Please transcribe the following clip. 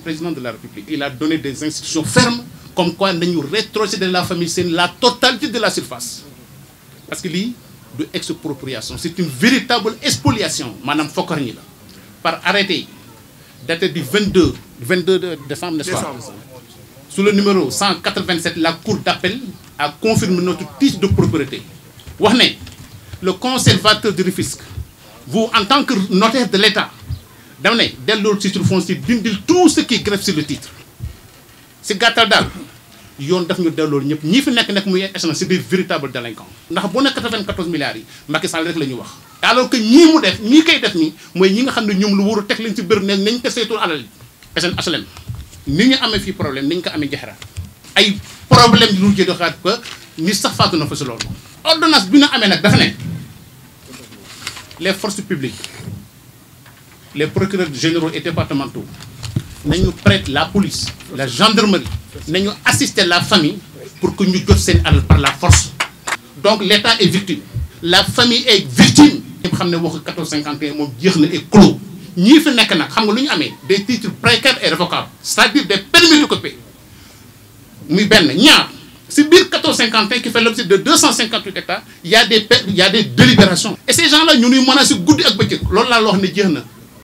président de la République, il a donné des instructions fermes comme quoi nous rétrocéder la famille la totalité de la surface. Parce que lui, de expropriation, c'est une véritable expoliation, Madame Fokarni. par arrêté daté du 22, 22 décembre, nest Sous le numéro 187, la Cour d'appel a confirmé notre titre de propriété. le conservateur du Rifisque, vous, en tant que notaire de l'État, damne ne delloo titre foncier bindil tout ce qui greffe sur le titre si gàttal daal yoon daf ñu delloo ñëpp ñi fi nekk nekk muy échange c'est des véritables délinquants. ndax boo ne 94 milliards yi Macky Sall rek la ñu wax. alors que ñii mu def ñii koy def nii mooy ñi nga xam ne ñoom lu wóoru teg lañ ci bërëb ne nañ ko saytul alal SN HLM ni ñu amee fii problème ni ñu ko amee jaxera ay problème lu jënd xaat ko ni sax faatu na fa si loolu. ordonnance bi ñu amee nag dafa ne les forces publiques. les procureurs généraux et départementaux nous prête la police la gendarmerie nañu assister la famille pour que nous puissions seen par la force donc l'État est victime la famille est victime ñëpp xam que waxu 1451 est clos Nous fi nous xam des titres précaires et révocables c'est-à-dire des permis de copier. nous, nous, ñaar si biir 1451 qui fait l'objet de 258 états, y a des il y a des délibérations et ces gens là nous nuy menacé goudi ak bëccëg Lool la